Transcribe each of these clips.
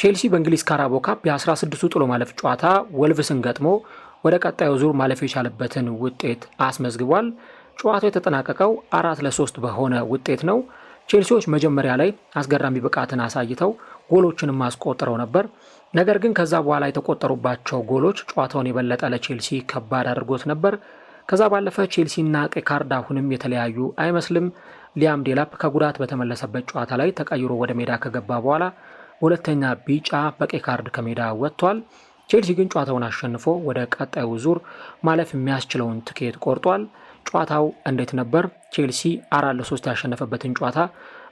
ቼልሲ በእንግሊዝ ካራቦ ካፕ የ16ቱ ጥሎ ማለፍ ጨዋታ ወልቭስን ገጥሞ ወደ ቀጣዩ ዙር ማለፍ የቻለበትን ውጤት አስመዝግቧል። ጨዋታው የተጠናቀቀው አራት ለሶስት በሆነ ውጤት ነው። ቼልሲዎች መጀመሪያ ላይ አስገራሚ ብቃትን አሳይተው ጎሎችንም አስቆጥረው ነበር። ነገር ግን ከዛ በኋላ የተቆጠሩባቸው ጎሎች ጨዋታውን የበለጠ ለቼልሲ ከባድ አድርጎት ነበር። ከዛ ባለፈ ቼልሲና ቀይ ካርድ አሁንም የተለያዩ አይመስልም። ሊያም ዴላፕ ከጉዳት በተመለሰበት ጨዋታ ላይ ተቀይሮ ወደ ሜዳ ከገባ በኋላ በሁለተኛ ቢጫ በቀይ ካርድ ከሜዳ ወጥቷል። ቼልሲ ግን ጨዋታውን አሸንፎ ወደ ቀጣዩ ዙር ማለፍ የሚያስችለውን ትኬት ቆርጧል። ጨዋታው እንዴት ነበር? ቼልሲ አራት ለሶስት ያሸነፈበትን ጨዋታ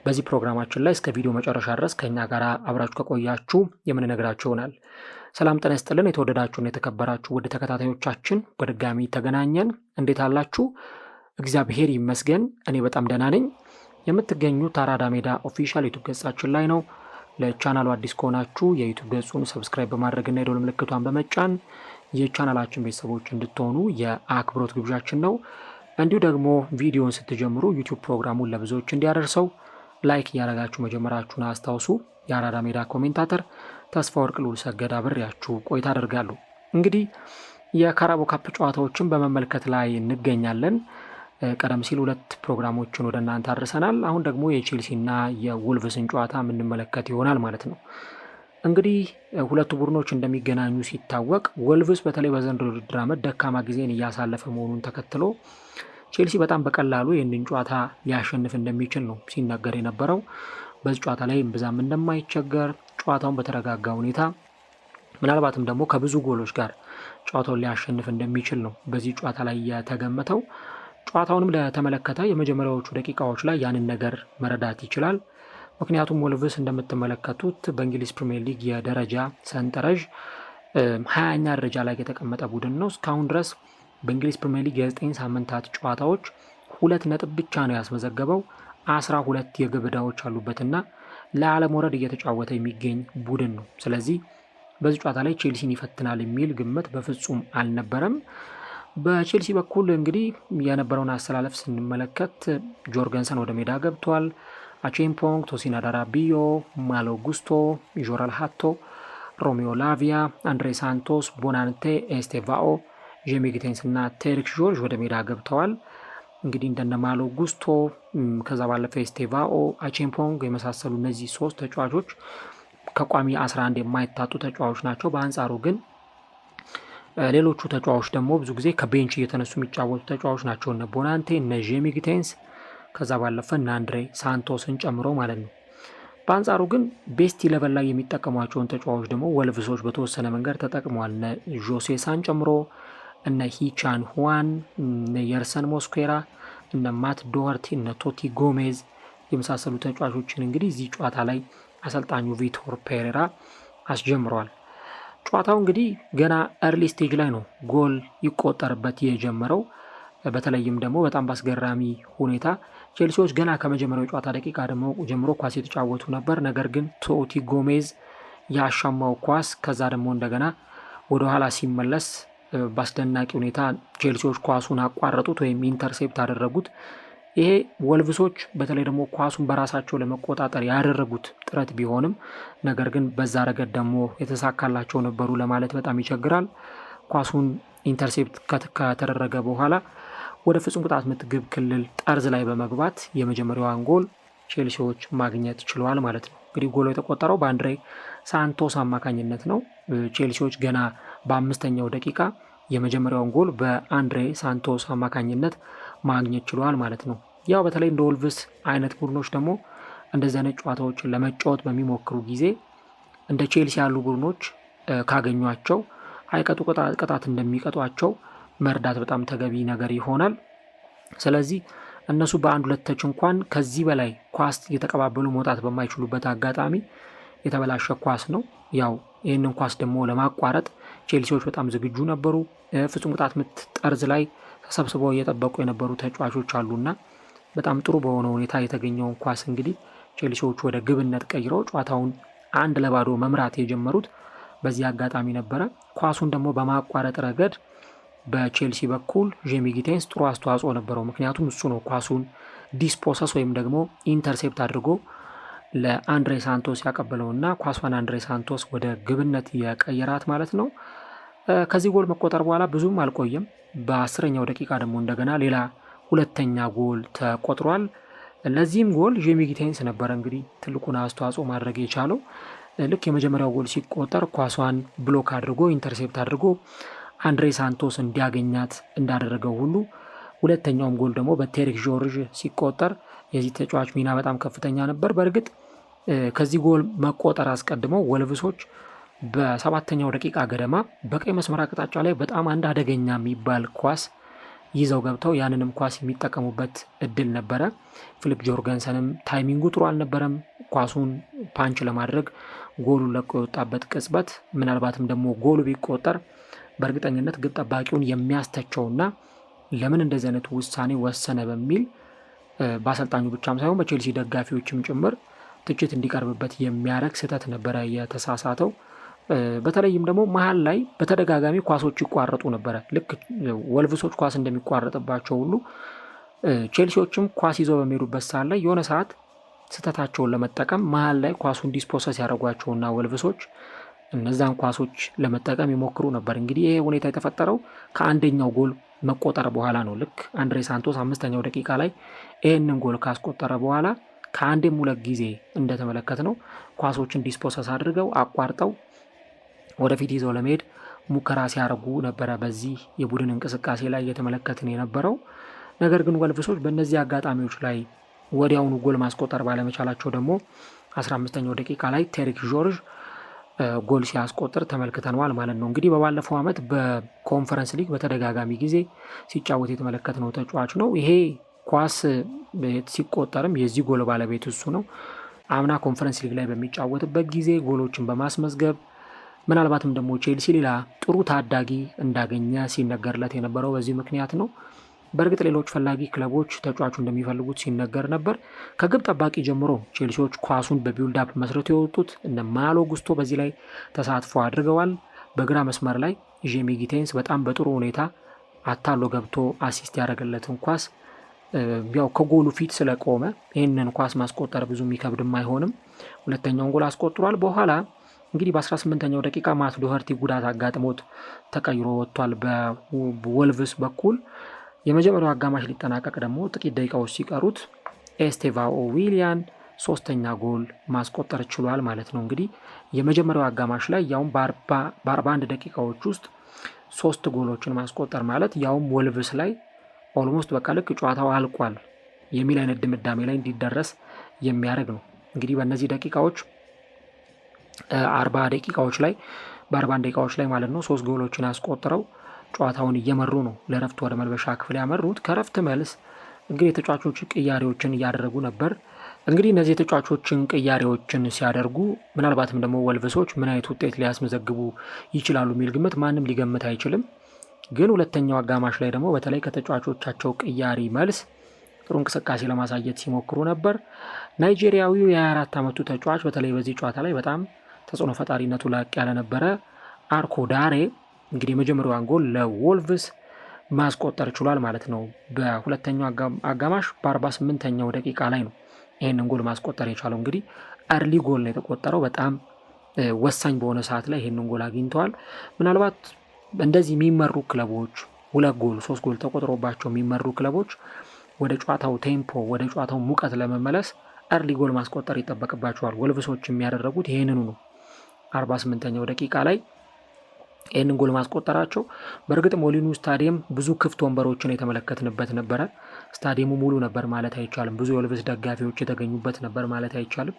በዚህ ፕሮግራማችን ላይ እስከ ቪዲዮ መጨረሻ ድረስ ከእኛ ጋር አብራችሁ ከቆያችሁ የምንነግራችሁ ይሆናል። ሰላም ጤና ይስጥልን። የተወደዳችሁና የተከበራችሁ ውድ ተከታታዮቻችን በድጋሚ ተገናኘን። እንዴት አላችሁ? እግዚአብሔር ይመስገን እኔ በጣም ደህና ነኝ። የምትገኙት አራዳ ሜዳ ኦፊሻል ዩቱብ ገጻችን ላይ ነው። ለቻናሉ አዲስ ከሆናችሁ የዩቱብ ገጹን ሰብስክራይብ በማድረግና የደወል ምልክቷን በመጫን የቻናላችን ቤተሰቦች እንድትሆኑ የአክብሮት ግብዣችን ነው። እንዲሁ ደግሞ ቪዲዮን ስትጀምሩ ዩቱብ ፕሮግራሙን ለብዙዎች እንዲያደርሰው ላይክ እያደረጋችሁ መጀመራችሁን አስታውሱ። የአራዳ ሜዳ ኮሜንታተር ተስፋ ወርቅ ልዑል ሰገድ አብሬያችሁ ቆይታ አደርጋሉ። እንግዲህ የካራቦ ካፕ ጨዋታዎችን በመመልከት ላይ እንገኛለን። ቀደም ሲል ሁለት ፕሮግራሞችን ወደ እናንተ አድርሰናል። አሁን ደግሞ የቼልሲና የወልቭስን ጨዋታ የምንመለከት ይሆናል ማለት ነው። እንግዲህ ሁለቱ ቡድኖች እንደሚገናኙ ሲታወቅ፣ ወልቭስ በተለይ በዘንድሮ ውድድር ዓመት ደካማ ጊዜን እያሳለፈ መሆኑን ተከትሎ ቼልሲ በጣም በቀላሉ ይህንን ጨዋታ ሊያሸንፍ እንደሚችል ነው ሲነገር የነበረው። በዚህ ጨዋታ ላይ ብዛም እንደማይቸገር ጨዋታውን በተረጋጋ ሁኔታ ምናልባትም ደግሞ ከብዙ ጎሎች ጋር ጨዋታውን ሊያሸንፍ እንደሚችል ነው በዚህ ጨዋታ ላይ የተገመተው። ጨዋታውንም ለተመለከተ የመጀመሪያዎቹ ደቂቃዎች ላይ ያንን ነገር መረዳት ይችላል። ምክንያቱም ወልቭስ እንደምትመለከቱት በእንግሊዝ ፕሪምየር ሊግ የደረጃ ሰንጠረዥ ሀያኛ ደረጃ ላይ የተቀመጠ ቡድን ነው። እስካሁን ድረስ በእንግሊዝ ፕሪምየር ሊግ የዘጠኝ ሳምንታት ጨዋታዎች ሁለት ነጥብ ብቻ ነው ያስመዘገበው። አስራ ሁለት የግብ ዕዳዎች አሉበትና ወረድ እየተጫወተ የሚገኝ ቡድን ነው። ስለዚህ በዚህ ጨዋታ ላይ ቼልሲን ይፈትናል የሚል ግምት በፍጹም አልነበረም። በቼልሲ በኩል እንግዲህ የነበረውን አሰላለፍ ስንመለከት ጆርገንሰን ወደ ሜዳ ገብቷል። አቼምፖንግ፣ ቶሲና ዳራቢዮ፣ ማሎ ጉስቶ፣ ዦራል ሃቶ፣ ሮሚዮ ላቪያ፣ አንድሬ ሳንቶስ፣ ቦናንቴ፣ ኤስቴቫኦ፣ ጄሚ ጊቴንስ እና ቴሪክ ጆርጅ ወደ ሜዳ ገብተዋል። እንግዲህ እንደነ ማሎ ጉስቶ ከዛ ባለፈ ኤስቴቫኦ፣ አቼምፖንግ የመሳሰሉ እነዚህ ሶስት ተጫዋቾች ከቋሚ 11 የማይታጡ ተጫዋቾች ናቸው። በአንጻሩ ግን ሌሎቹ ተጫዋቾች ደግሞ ብዙ ጊዜ ከቤንች እየተነሱ የሚጫወቱ ተጫዋቾች ናቸው። እነ ቦናንቴ፣ እነ ዤሚ ጊቴንስ ከዛ ባለፈ እነ አንድሬ ሳንቶስን ጨምሮ ማለት ነው። በአንጻሩ ግን ቤስት ኢለቨን ላይ የሚጠቀሟቸውን ተጫዋቾች ደግሞ ወልቭሶች በተወሰነ መንገድ ተጠቅመዋል። እነ ዦሴሳን ጨምሮ እነ ሂቻን ሁዋን፣ እነ የርሰን ሞስኩዌራ፣ እነ ማት ዶርቲ፣ እነ ቶቲ ጎሜዝ የመሳሰሉ ተጫዋቾችን እንግዲህ እዚህ ጨዋታ ላይ አሰልጣኙ ቪቶር ፔሬራ አስጀምረዋል። ጨዋታው እንግዲህ ገና ኤርሊ ስቴጅ ላይ ነው ጎል ይቆጠርበት የጀመረው። በተለይም ደግሞ በጣም በአስገራሚ ሁኔታ ቼልሲዎች ገና ከመጀመሪያው ጨዋታ ደቂቃ ደግሞ ጀምሮ ኳስ የተጫወቱ ነበር። ነገር ግን ቶቲ ጎሜዝ ያሻማው ኳስ ከዛ ደግሞ እንደገና ወደ ኋላ ሲመለስ በአስደናቂ ሁኔታ ቼልሲዎች ኳሱን አቋረጡት ወይም ኢንተርሴፕት አደረጉት። ይሄ ወልቭሶች በተለይ ደግሞ ኳሱን በራሳቸው ለመቆጣጠር ያደረጉት ጥረት ቢሆንም ነገር ግን በዛ ረገድ ደግሞ የተሳካላቸው ነበሩ ለማለት በጣም ይቸግራል። ኳሱን ኢንተርሴፕት ከተደረገ በኋላ ወደ ፍጹም ቅጣት ምት ግብ ክልል ጠርዝ ላይ በመግባት የመጀመሪያዋን ጎል ቼልሲዎች ማግኘት ችለዋል ማለት ነው። እንግዲህ ጎሎ የተቆጠረው በአንድሬ ሳንቶስ አማካኝነት ነው። ቼልሲዎች ገና በአምስተኛው ደቂቃ የመጀመሪያውን ጎል በአንድሬ ሳንቶስ አማካኝነት ማግኘት ችሏል ማለት ነው። ያው በተለይ እንደ ወልቭስ አይነት ቡድኖች ደግሞ እንደዚህ አይነት ጨዋታዎችን ለመጫወት በሚሞክሩ ጊዜ እንደ ቼልሲ ያሉ ቡድኖች ካገኟቸው አይቀጡ ቅጣት እንደሚቀጧቸው መርዳት በጣም ተገቢ ነገር ይሆናል። ስለዚህ እነሱ በአንድ ሁለተች እንኳን ከዚህ በላይ ኳስ እየተቀባበሉ መውጣት በማይችሉበት አጋጣሚ የተበላሸ ኳስ ነው። ያው ይህንን ኳስ ደግሞ ለማቋረጥ ቼልሲዎች በጣም ዝግጁ ነበሩ። ፍጹም ቅጣት ምት ጠርዝ ላይ ተሰብስበው እየጠበቁ የነበሩ ተጫዋቾች አሉና በጣም ጥሩ በሆነ ሁኔታ የተገኘውን ኳስ እንግዲህ ቼልሲዎች ወደ ግብነት ቀይረው ጨዋታውን አንድ ለባዶ መምራት የጀመሩት በዚህ አጋጣሚ ነበረ። ኳሱን ደግሞ በማቋረጥ ረገድ በቼልሲ በኩል ጄሚ ጊቴንስ ጥሩ አስተዋጽኦ ነበረው። ምክንያቱም እሱ ነው ኳሱን ዲስፖሰስ ወይም ደግሞ ኢንተርሴፕት አድርጎ ለአንድሬ ሳንቶስ ያቀበለውና ኳሷን አንድሬ ሳንቶስ ወደ ግብነት የቀየራት ማለት ነው። ከዚህ ጎል መቆጠር በኋላ ብዙም አልቆየም። በአስረኛው ደቂቃ ደግሞ እንደገና ሌላ ሁለተኛ ጎል ተቆጥሯል። ለዚህም ጎል ጄሚ ጊቴንስ ነበረ እንግዲህ ትልቁን አስተዋጽኦ ማድረግ የቻለው። ልክ የመጀመሪያው ጎል ሲቆጠር ኳሷን ብሎክ አድርጎ ኢንተርሴፕት አድርጎ አንድሬ ሳንቶስ እንዲያገኛት እንዳደረገው ሁሉ ሁለተኛውም ጎል ደግሞ በቴሪክ ጆርጅ ሲቆጠር የዚህ ተጫዋች ሚና በጣም ከፍተኛ ነበር። በእርግጥ ከዚህ ጎል መቆጠር አስቀድመው ወልብሶች በሰባተኛው ደቂቃ ገደማ በቀይ መስመር አቅጣጫ ላይ በጣም አንድ አደገኛ የሚባል ኳስ ይዘው ገብተው ያንንም ኳስ የሚጠቀሙበት እድል ነበረ። ፊሊፕ ጆርገንሰንም ታይሚንጉ ጥሩ አልነበረም። ኳሱን ፓንች ለማድረግ ጎሉ ለቆ የወጣበት ቅጽበት ምናልባትም ደግሞ ጎሉ ቢቆጠር በእርግጠኝነት ግብ ጠባቂውን የሚያስተቸውና ለምን እንደዚህ አይነቱ ውሳኔ ወሰነ በሚል በአሰልጣኙ ብቻም ሳይሆን በቼልሲ ደጋፊዎችም ጭምር ትችት እንዲቀርብበት የሚያደርግ ስህተት ነበረ የተሳሳተው። በተለይም ደግሞ መሀል ላይ በተደጋጋሚ ኳሶች ይቋረጡ ነበረ። ልክ ወልቭሶች ኳስ እንደሚቋረጥባቸው ሁሉ ቼልሲዎችም ኳስ ይዘው በሚሄዱበት ሰዓት ላይ የሆነ ሰዓት ስህተታቸውን ለመጠቀም መሀል ላይ ኳሱን ዲስፖሰስ ያደረጓቸውና ወልቭሶች እነዛን ኳሶች ለመጠቀም ይሞክሩ ነበር። እንግዲህ ይሄ ሁኔታ የተፈጠረው ከአንደኛው ጎል መቆጠር በኋላ ነው። ልክ አንድሬ ሳንቶስ አምስተኛው ደቂቃ ላይ ይህንን ጎል ካስቆጠረ በኋላ ከአንድም ሁለት ጊዜ እንደተመለከት ነው ኳሶችን ዲስፖሰስ አድርገው አቋርጠው ወደፊት ይዘው ለመሄድ ሙከራ ሲያደርጉ ነበረ በዚህ የቡድን እንቅስቃሴ ላይ እየተመለከትን የነበረው። ነገር ግን ወልፍሶች በእነዚህ አጋጣሚዎች ላይ ወዲያውኑ ጎል ማስቆጠር ባለመቻላቸው ደግሞ 15ኛው ደቂቃ ላይ ቴሪክ ጆርጅ ጎል ሲያስቆጥር ተመልክተነዋል ማለት ነው። እንግዲህ በባለፈው ዓመት በኮንፈረንስ ሊግ በተደጋጋሚ ጊዜ ሲጫወት የተመለከትነው ተጫዋች ነው። ይሄ ኳስ ሲቆጠርም የዚህ ጎል ባለቤት እሱ ነው። አምና ኮንፈረንስ ሊግ ላይ በሚጫወትበት ጊዜ ጎሎችን በማስመዝገብ ምናልባትም ደግሞ ቼልሲ ሌላ ጥሩ ታዳጊ እንዳገኘ ሲነገርለት የነበረው በዚህ ምክንያት ነው። በእርግጥ ሌሎች ፈላጊ ክለቦች ተጫዋቹ እንደሚፈልጉት ሲነገር ነበር። ከግብ ጠባቂ ጀምሮ ቼልሲዎች ኳሱን በቢውልዳፕ መስረት የወጡት እነ ማሎ ጉስቶ በዚህ ላይ ተሳትፎ አድርገዋል። በግራ መስመር ላይ ጄሚ ጊቴንስ በጣም በጥሩ ሁኔታ አታሎ ገብቶ አሲስት ያደረገለትን ኳስ ያው ከጎሉ ፊት ስለቆመ ይህንን ኳስ ማስቆጠር ብዙ የሚከብድም አይሆንም። ሁለተኛውን ጎል አስቆጥሯል። በኋላ እንግዲህ በ18ኛው ደቂቃ ማት ዶኸርቲ ጉዳት አጋጥሞት ተቀይሮ ወጥቷል በወልቭስ በኩል። የመጀመሪያው አጋማሽ ሊጠናቀቅ ደግሞ ጥቂት ደቂቃዎች ሲቀሩት ኤስቴቫኦ ዊሊያን ሶስተኛ ጎል ማስቆጠር ችሏል ማለት ነው። እንግዲህ የመጀመሪያው አጋማሽ ላይ ያውም በ41 ደቂቃዎች ውስጥ ሶስት ጎሎችን ማስቆጠር ማለት ያውም ወልቭስ ላይ ኦልሞስት በቃ ልክ ጨዋታው አልቋል የሚል አይነት ድምዳሜ ላይ እንዲደረስ የሚያደርግ ነው። እንግዲህ በእነዚህ ደቂቃዎች አርባ ደቂቃዎች ላይ በአርባ ደቂቃዎች ላይ ማለት ነው ሶስት ጎሎችን አስቆጥረው ጨዋታውን እየመሩ ነው ለረፍት ወደ መልበሻ ክፍል ያመሩት። ከረፍት መልስ እንግዲህ የተጫዋቾች ቅያሬዎችን እያደረጉ ነበር። እንግዲህ እነዚህ የተጫዋቾችን ቅያሬዎችን ሲያደርጉ ምናልባትም ደግሞ ወልቭሶች ምን አይነት ውጤት ሊያስመዘግቡ ይችላሉ የሚል ግምት ማንም ሊገምት አይችልም። ግን ሁለተኛው አጋማሽ ላይ ደግሞ በተለይ ከተጫዋቾቻቸው ቅያሪ መልስ ጥሩ እንቅስቃሴ ለማሳየት ሲሞክሩ ነበር። ናይጄሪያዊው የ24 ዓመቱ ተጫዋች በተለይ በዚህ ጨዋታ ላይ በጣም ተጽዕኖ ፈጣሪነቱ ላቅ ያለ ነበረ። አርኮ ዳሬ እንግዲህ የመጀመሪያዋን ጎል ለወልቭስ ማስቆጠር ችሏል ማለት ነው። በሁለተኛው አጋማሽ በ48ኛው ደቂቃ ላይ ነው ይህንን ጎል ማስቆጠር የቻለው። እንግዲህ አርሊ ጎል ነው የተቆጠረው። በጣም ወሳኝ በሆነ ሰዓት ላይ ይህንን ጎል አግኝተዋል። ምናልባት እንደዚህ የሚመሩ ክለቦች ሁለት ጎል ሶስት ጎል ተቆጥሮባቸው የሚመሩ ክለቦች ወደ ጨዋታው ቴምፖ ወደ ጨዋታው ሙቀት ለመመለስ አርሊ ጎል ማስቆጠር ይጠበቅባቸዋል። ወልቭሶች የሚያደረጉት ይህንኑ ነው። 48ኛው ደቂቃ ላይ ይህንን ጎል ማስቆጠራቸው በእርግጥ ሞሊኑ ስታዲየም ብዙ ክፍት ወንበሮችን የተመለከትንበት ነበረ። ስታዲየሙ ሙሉ ነበር ማለት አይቻልም። ብዙ የወልቭስ ደጋፊዎች የተገኙበት ነበር ማለት አይቻልም።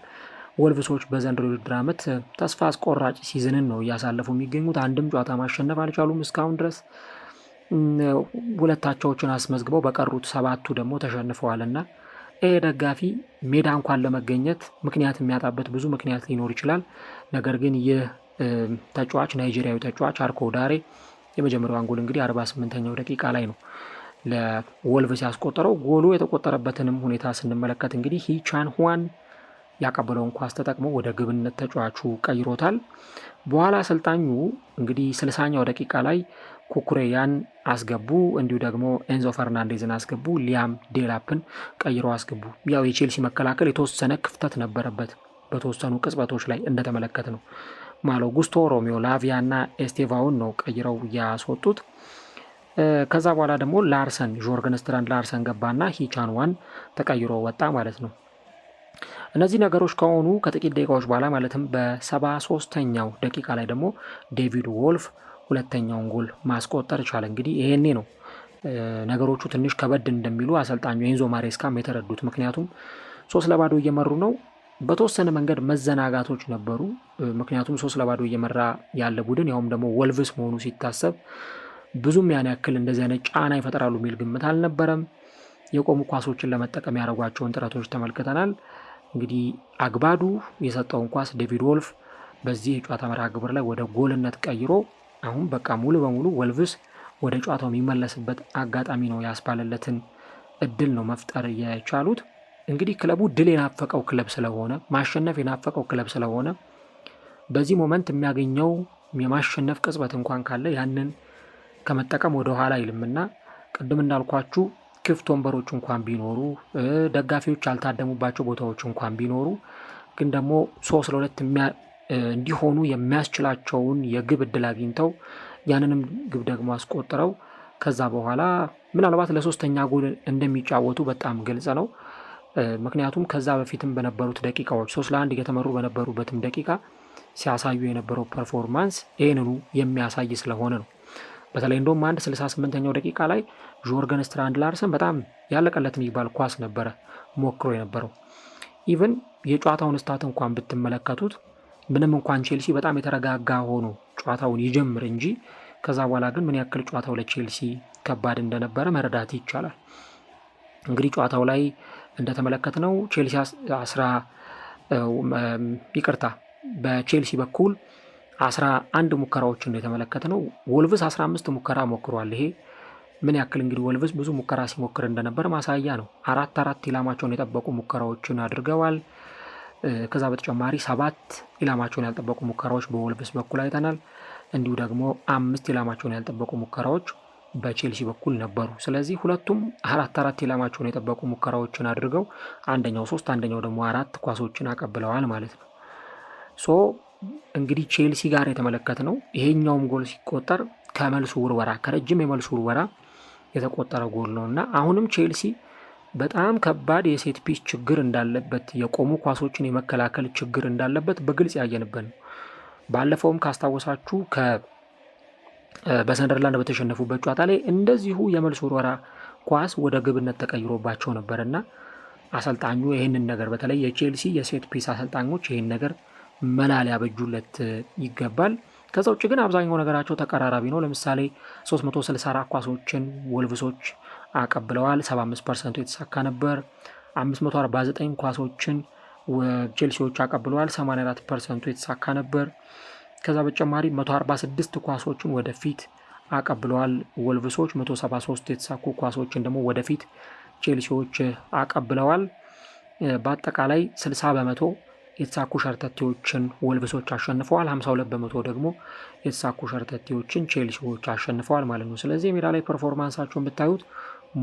ወልቭሶች በዘንድሮ ውድድር ዓመት ተስፋ አስቆራጭ ሲዝንን ነው እያሳለፉ የሚገኙት። አንድም ጨዋታ ማሸነፍ አልቻሉም እስካሁን ድረስ ሁለታቸዎችን አስመዝግበው በቀሩት ሰባቱ ደግሞ ተሸንፈዋልና ኤ ደጋፊ ሜዳ እንኳን ለመገኘት ምክንያት የሚያጣበት ብዙ ምክንያት ሊኖር ይችላል። ነገር ግን ይህ ተጫዋች ናይጄሪያዊ ተጫዋች አርኮ ዳሬ የመጀመሪያዋን ጎል እንግዲህ አርባ ስምንተኛው ደቂቃ ላይ ነው ለወልቭ ሲያስቆጠረው ጎሉ የተቆጠረበትንም ሁኔታ ስንመለከት እንግዲህ ሂቻን ሁዋን ያቀበለውን ኳስ ተጠቅሞ ወደ ግብነት ተጫዋቹ ቀይሮታል። በኋላ አሰልጣኙ እንግዲህ ስልሳኛው ደቂቃ ላይ ኩኩሬያን አስገቡ። እንዲሁ ደግሞ ኤንዞ ፈርናንዴዝን አስገቡ። ሊያም ዴላፕን ቀይሮ አስገቡ። ያው የቼልሲ መከላከል የተወሰነ ክፍተት ነበረበት በተወሰኑ ቅጽበቶች ላይ እንደተመለከት ነው። ማለው ጉስቶ፣ ሮሚዮ ላቪያ እና ኤስቴቫውን ነው ቀይረው ያስወጡት። ከዛ በኋላ ደግሞ ላርሰን ጆርገን ስትራንድ ላርሰን ገባና ዋን ተቀይሮ ወጣ ማለት ነው። እነዚህ ነገሮች ከሆኑ ከጥቂት ደቂቃዎች በኋላ ማለትም በሰባ ሶስተኛው ደቂቃ ላይ ደግሞ ዴቪድ ዎልፍ ሁለተኛውን ጎል ማስቆጠር ቻለ። እንግዲህ ይሄኔ ነው ነገሮቹ ትንሽ ከበድ እንደሚሉ አሰልጣኙ ኤንዞ ማሬስካም የተረዱት። ምክንያቱም ሶስት ለባዶ እየመሩ ነው። በተወሰነ መንገድ መዘናጋቶች ነበሩ። ምክንያቱም ሶስት ለባዶ እየመራ ያለ ቡድን ያውም ደግሞ ወልቭስ መሆኑ ሲታሰብ ብዙም ያን ያክል እንደዚህ አይነት ጫና ይፈጥራሉ የሚል ግምት አልነበረም። የቆሙ ኳሶችን ለመጠቀም ያደረጓቸውን ጥረቶች ተመልክተናል። እንግዲህ አግባዱ የሰጠውን ኳስ ዴቪድ ወልፍ በዚህ የጨዋታ መርሃ ግብር ላይ ወደ ጎልነት ቀይሮ አሁን በቃ ሙሉ በሙሉ ወልቭስ ወደ ጨዋታው የሚመለስበት አጋጣሚ ነው ያስባለለትን እድል ነው መፍጠር የቻሉት። እንግዲህ ክለቡ ድል የናፈቀው ክለብ ስለሆነ ማሸነፍ የናፈቀው ክለብ ስለሆነ በዚህ ሞመንት የሚያገኘው የማሸነፍ ቅጽበት እንኳን ካለ ያንን ከመጠቀም ወደ ኋላ አይልምና ቅድም እንዳልኳችሁ ክፍት ወንበሮች እንኳን ቢኖሩ ደጋፊዎች ያልታደሙባቸው ቦታዎች እንኳን ቢኖሩ ግን ደግሞ ሶስት ለሁለት እንዲሆኑ የሚያስችላቸውን የግብ እድል አግኝተው ያንንም ግብ ደግሞ አስቆጥረው ከዛ በኋላ ምናልባት ለሶስተኛ ጎል እንደሚጫወቱ በጣም ግልጽ ነው። ምክንያቱም ከዛ በፊትም በነበሩት ደቂቃዎች ሶስት ለአንድ እየተመሩ በነበሩበትም ደቂቃ ሲያሳዩ የነበረው ፐርፎርማንስ ይህንኑ የሚያሳይ ስለሆነ ነው። በተለይ እንደውም አንድ 68ኛው ደቂቃ ላይ ጆርገን ስትራንድ ላርሰን በጣም ያለቀለት የሚባል ኳስ ነበረ ሞክሮ የነበረው። ኢቨን የጨዋታውን ስታት እንኳን ብትመለከቱት ምንም እንኳን ቼልሲ በጣም የተረጋጋ ሆኖ ጨዋታውን ይጀምር እንጂ ከዛ በኋላ ግን ምን ያክል ጨዋታው ለቼልሲ ከባድ እንደነበረ መረዳት ይቻላል። እንግዲህ ጨዋታው ላይ ነው ቼልሲ አስራ ይቅርታ በቼልሲ በኩል አስራ አንድ ሙከራዎችን ነው ነው። ወልቭስ አስራ አምስት ሙከራ ሞክሯል። ይሄ ምን ያክል እንግዲህ ወልቭስ ብዙ ሙከራ ሲሞክር እንደነበር ማሳያ ነው። አራት አራት ኢላማቸውን የጠበቁ ሙከራዎችን አድርገዋል። ከዛ በተጨማሪ ሰባት ኢላማቸውን ያልጠበቁ ሙከራዎች በወልቭስ በኩል አይተናል። እንዲሁ ደግሞ አምስት ኢላማቸውን ያልጠበቁ ሙከራዎች በቼልሲ በኩል ነበሩ። ስለዚህ ሁለቱም አራት አራት ኢላማቸውን የጠበቁ ሙከራዎችን አድርገው አንደኛው ሶስት አንደኛው ደግሞ አራት ኳሶችን አቀብለዋል ማለት ነው። ሶ እንግዲህ ቼልሲ ጋር የተመለከት ነው። ይሄኛውም ጎል ሲቆጠር ከመልሱ ውርወራ ከረጅም የመልሱ ውርወራ የተቆጠረ ጎል ነው እና አሁንም ቼልሲ በጣም ከባድ የሴት ፒስ ችግር እንዳለበት የቆሙ ኳሶችን የመከላከል ችግር እንዳለበት በግልጽ ያየንበት ነው። ባለፈውም ካስታወሳችሁ በሰንደርላንድ በተሸነፉበት ጨዋታ ላይ እንደዚሁ የመልስ ወረራ ኳስ ወደ ግብነት ተቀይሮባቸው ነበር እና አሰልጣኙ ይህንን ነገር በተለይ የቼልሲ የሴት ፒስ አሰልጣኞች ይህን ነገር መላ ሊያበጁለት ይገባል። ከዛ ውጭ ግን አብዛኛው ነገራቸው ተቀራራቢ ነው። ለምሳሌ 364 ኳሶችን ወልቭሶች አቀብለዋል። 75 ፐርሰንቱ የተሳካ ነበር። 549 ኳሶችን ቼልሲዎች አቀብለዋል። 84 ፐርሰንቱ የተሳካ ነበር። ከዛ በተጨማሪ 146 ኳሶችን ወደፊት አቀብለዋል ወልቭሶች። 173 የተሳኩ ኳሶችን ደግሞ ወደፊት ቼልሲዎች አቀብለዋል። በአጠቃላይ 60 በመቶ የተሳኩ ሸርተቴዎችን ወልቭሶች አሸንፈዋል። 52 በመቶ ደግሞ የተሳኩ ሸርተቴዎችን ቼልሲዎች አሸንፈዋል ማለት ነው። ስለዚህ ሜዳ ላይ ፐርፎርማንሳቸውን ብታዩት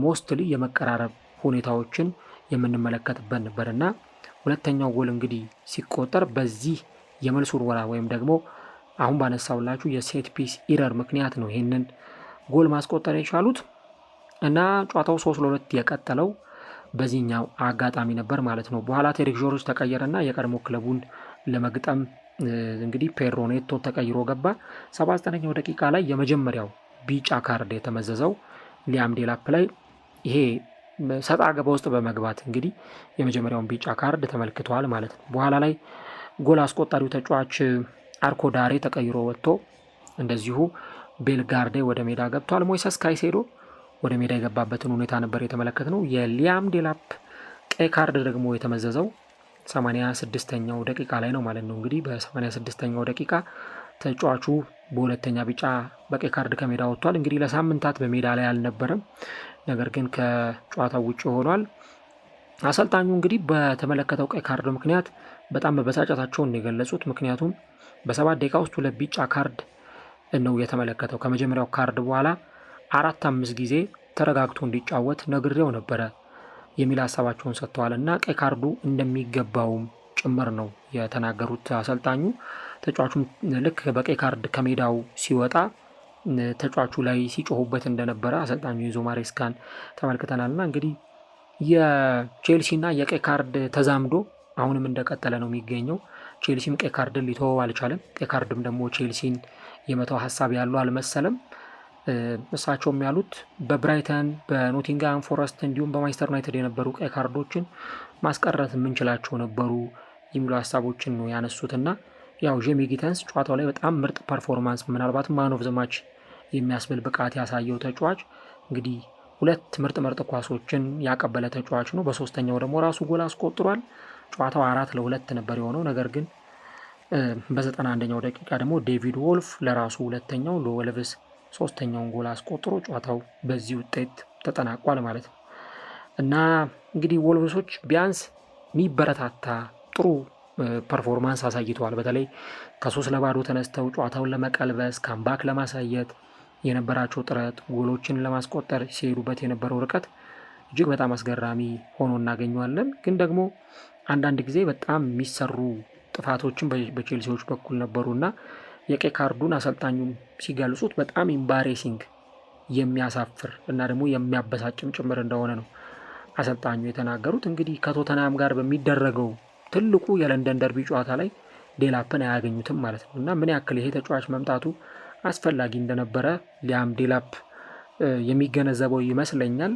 ሞስትሊ የመቀራረብ ሁኔታዎችን የምንመለከትበት ነበር ሁለተኛው ጎል እንግዲህ ሲቆጠር በዚህ የመልስ ውርወራ ወይም ደግሞ አሁን ባነሳውላችሁ የሴት ፒስ ኢረር ምክንያት ነው ይህንን ጎል ማስቆጠር የቻሉት እና ጨዋታው ሶስት ለሁለት የቀጠለው በዚህኛው አጋጣሚ ነበር ማለት ነው። በኋላ ቴሪክ ጆርጅ ተቀየረና የቀድሞ ክለቡን ለመግጠም እንግዲህ ፔድሮ ኔቶ ተቀይሮ ገባ። ሰባ ዘጠነኛው ደቂቃ ላይ የመጀመሪያው ቢጫ ካርድ የተመዘዘው ሊያም ዴላፕ ላይ ይሄ ሰጣ ገባ ውስጥ በመግባት እንግዲህ የመጀመሪያውን ቢጫ ካርድ ተመልክተዋል ማለት ነው። በኋላ ላይ ጎል አስቆጣሪው ተጫዋች አርኮ ዳሬ ተቀይሮ ወጥቶ እንደዚሁ ቤልጋርዴ ወደ ሜዳ ገብቷል። ሞይሰስ ካይሴዶ ወደ ሜዳ የገባበትን ሁኔታ ነበር የተመለከት ነው። የሊያም ዴላፕ ቀይ ካርድ ደግሞ የተመዘዘው 86ኛው ደቂቃ ላይ ነው ማለት ነው። እንግዲህ በ86ኛው ደቂቃ ተጫዋቹ በሁለተኛ ቢጫ በቀይ ካርድ ከሜዳ ወጥቷል። እንግዲህ ለሳምንታት በሜዳ ላይ አልነበረም፣ ነገር ግን ከጨዋታው ውጭ ሆኗል። አሰልጣኙ እንግዲህ በተመለከተው ቀይ ካርድ ምክንያት በጣም መበሳጨታቸውን የገለጹት። ምክንያቱም በሰባት ደቂቃ ውስጥ ሁለት ቢጫ ካርድ ነው የተመለከተው። ከመጀመሪያው ካርድ በኋላ አራት አምስት ጊዜ ተረጋግቶ እንዲጫወት ነግሬው ነበረ የሚል ሀሳባቸውን ሰጥተዋል እና ቀይ ካርዱ እንደሚገባውም ጭምር ነው የተናገሩት አሰልጣኙ። ተጫዋቹም ልክ በቀይ ካርድ ከሜዳው ሲወጣ ተጫዋቹ ላይ ሲጮሁበት እንደነበረ አሰልጣኙ ኢንዞ ማሬስካን ተመልክተናል። እና እንግዲህ የቼልሲና የቀይ ካርድ ተዛምዶ አሁንም እንደቀጠለ ነው የሚገኘው። ቼልሲም ቀይ ካርድን ሊተወው አልቻለም። ቀይ ካርድም ደግሞ ቼልሲን የመተው ሀሳብ ያለው አልመሰለም። እሳቸውም ያሉት በብራይተን በኖቲንግሃም ፎረስት እንዲሁም በማንቸስተር ዩናይትድ የነበሩ ቀይ ካርዶችን ማስቀረት የምንችላቸው ነበሩ የሚሉ ሀሳቦችን ነው ያነሱትና ያው ጄሚ ጊተንስ ጨዋታው ላይ በጣም ምርጥ ፐርፎርማንስ ምናልባት ማን ኦፍ ዘማች ማች የሚያስብል ብቃት ያሳየው ተጫዋች እንግዲህ ሁለት ምርጥ ምርጥ ኳሶችን ያቀበለ ተጫዋች ነው። በሶስተኛው ደግሞ ራሱ ጎል አስቆጥሯል። ጨዋታው አራት ለሁለት ነበር የሆነው። ነገር ግን በዘጠና አንደኛው ደቂቃ ደግሞ ዴቪድ ወልፍ ለራሱ ሁለተኛው፣ ለወልቭስ ሶስተኛውን ጎል አስቆጥሮ ጨዋታው በዚህ ውጤት ተጠናቋል ማለት ነው እና እንግዲህ ወልቭሶች ቢያንስ የሚበረታታ ጥሩ ፐርፎርማንስ አሳይተዋል። በተለይ ከሶስት ለባዶ ተነስተው ጨዋታውን ለመቀልበስ ካምባክ ለማሳየት የነበራቸው ጥረት፣ ጎሎችን ለማስቆጠር ሲሄዱበት የነበረው ርቀት እጅግ በጣም አስገራሚ ሆኖ እናገኘዋለን። ግን ደግሞ አንዳንድ ጊዜ በጣም የሚሰሩ ጥፋቶችን በቼልሲዎች በኩል እና የቀይ ካርዱን አሰልጣኙም ሲገልጹት በጣም ኢምባሬሲንግ የሚያሳፍር እና ደግሞ የሚያበሳጭም ጭምር እንደሆነ ነው አሰልጣኙ የተናገሩት። እንግዲህ ከቶተናም ጋር በሚደረገው ትልቁ የለንደን ደርቢ ጨዋታ ላይ ዴላፕን አያገኙትም ማለት ነው እና ምን ያክል ይሄ ተጫዋች መምጣቱ አስፈላጊ እንደነበረ ሊያም ዴላፕ የሚገነዘበው ይመስለኛል።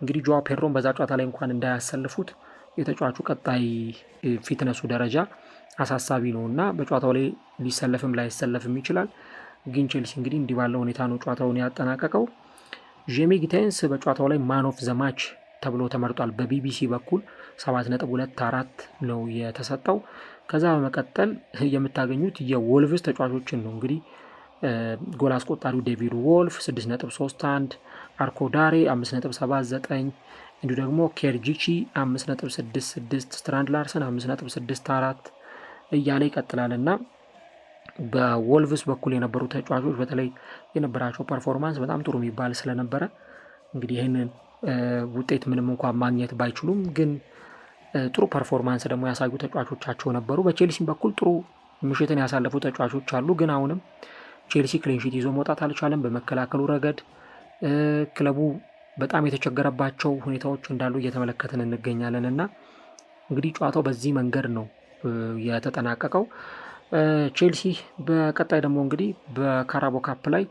እንግዲህ ጆዋ ፔድሮን በዛ ጨዋታ ላይ እንኳን እንዳያሰልፉት የተጫዋቹ ቀጣይ ፊትነሱ ደረጃ አሳሳቢ ነው እና በጨዋታው ላይ ሊሰለፍም ላይሰለፍም ይችላል። ግን ቼልሲ እንግዲህ እንዲህ ባለው ሁኔታ ነው ጨዋታውን ያጠናቀቀው። ጄሚ ጊቴንስ በጨዋታው ላይ ማን ኦፍ ዘ ማች ተብሎ ተመርጧል በቢቢሲ በኩል 7.24 ነው የተሰጠው። ከዛ በመቀጠል የምታገኙት የወልቭስ ተጫዋቾችን ነው እንግዲህ ጎል አስቆጣሪው ዴቪድ ወልፍ 6.31፣ አርኮ ዳሬ 5.79፣ እንዲሁ ደግሞ ኬርጂቺ 5.66፣ ስትራንድ ላርሰን 5.64 እያለ ይቀጥላል እና በወልቭስ በኩል የነበሩ ተጫዋቾች በተለይ የነበራቸው ፐርፎርማንስ በጣም ጥሩ የሚባል ስለነበረ እንግዲህ ይህንን ውጤት ምንም እንኳን ማግኘት ባይችሉም ግን ጥሩ ፐርፎርማንስ ደግሞ ያሳዩ ተጫዋቾቻቸው ነበሩ። በቼልሲም በኩል ጥሩ ምሽትን ያሳለፉ ተጫዋቾች አሉ። ግን አሁንም ቼልሲ ክሊንሺት ይዞ መውጣት አልቻለም። በመከላከሉ ረገድ ክለቡ በጣም የተቸገረባቸው ሁኔታዎች እንዳሉ እየተመለከትን እንገኛለን እና እንግዲህ ጨዋታው በዚህ መንገድ ነው የተጠናቀቀው። ቼልሲ በቀጣይ ደግሞ እንግዲህ በካራቦ ካፕ ላይ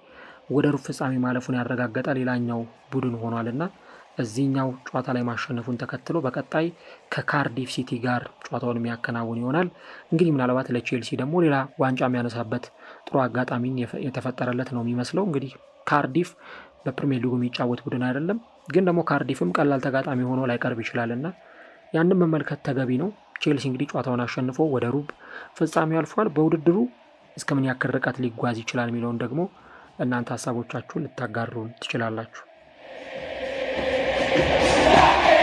ወደ ሩብ ፍጻሜ ማለፉን ያረጋገጠ ሌላኛው ቡድን ሆኗል እና እዚህኛው ጨዋታ ላይ ማሸነፉን ተከትሎ በቀጣይ ከካርዲፍ ሲቲ ጋር ጨዋታውን የሚያከናውን ይሆናል። እንግዲህ ምናልባት ለቼልሲ ደግሞ ሌላ ዋንጫ የሚያነሳበት ጥሩ አጋጣሚን የተፈጠረለት ነው የሚመስለው። እንግዲህ ካርዲፍ በፕሪሚየር ሊጉ የሚጫወት ቡድን አይደለም፣ ግን ደግሞ ካርዲፍም ቀላል ተጋጣሚ ሆኖ ላይቀርብ ይችላል እና ያንን መመልከት ተገቢ ነው። ቼልሲ እንግዲህ ጨዋታውን አሸንፎ ወደ ሩብ ፍጻሜው አልፏል። በውድድሩ እስከምን ያክል ርቀት ሊጓዝ ይችላል የሚለውን ደግሞ እናንተ ሀሳቦቻችሁን ልታጋሩን ትችላላችሁ። Hey!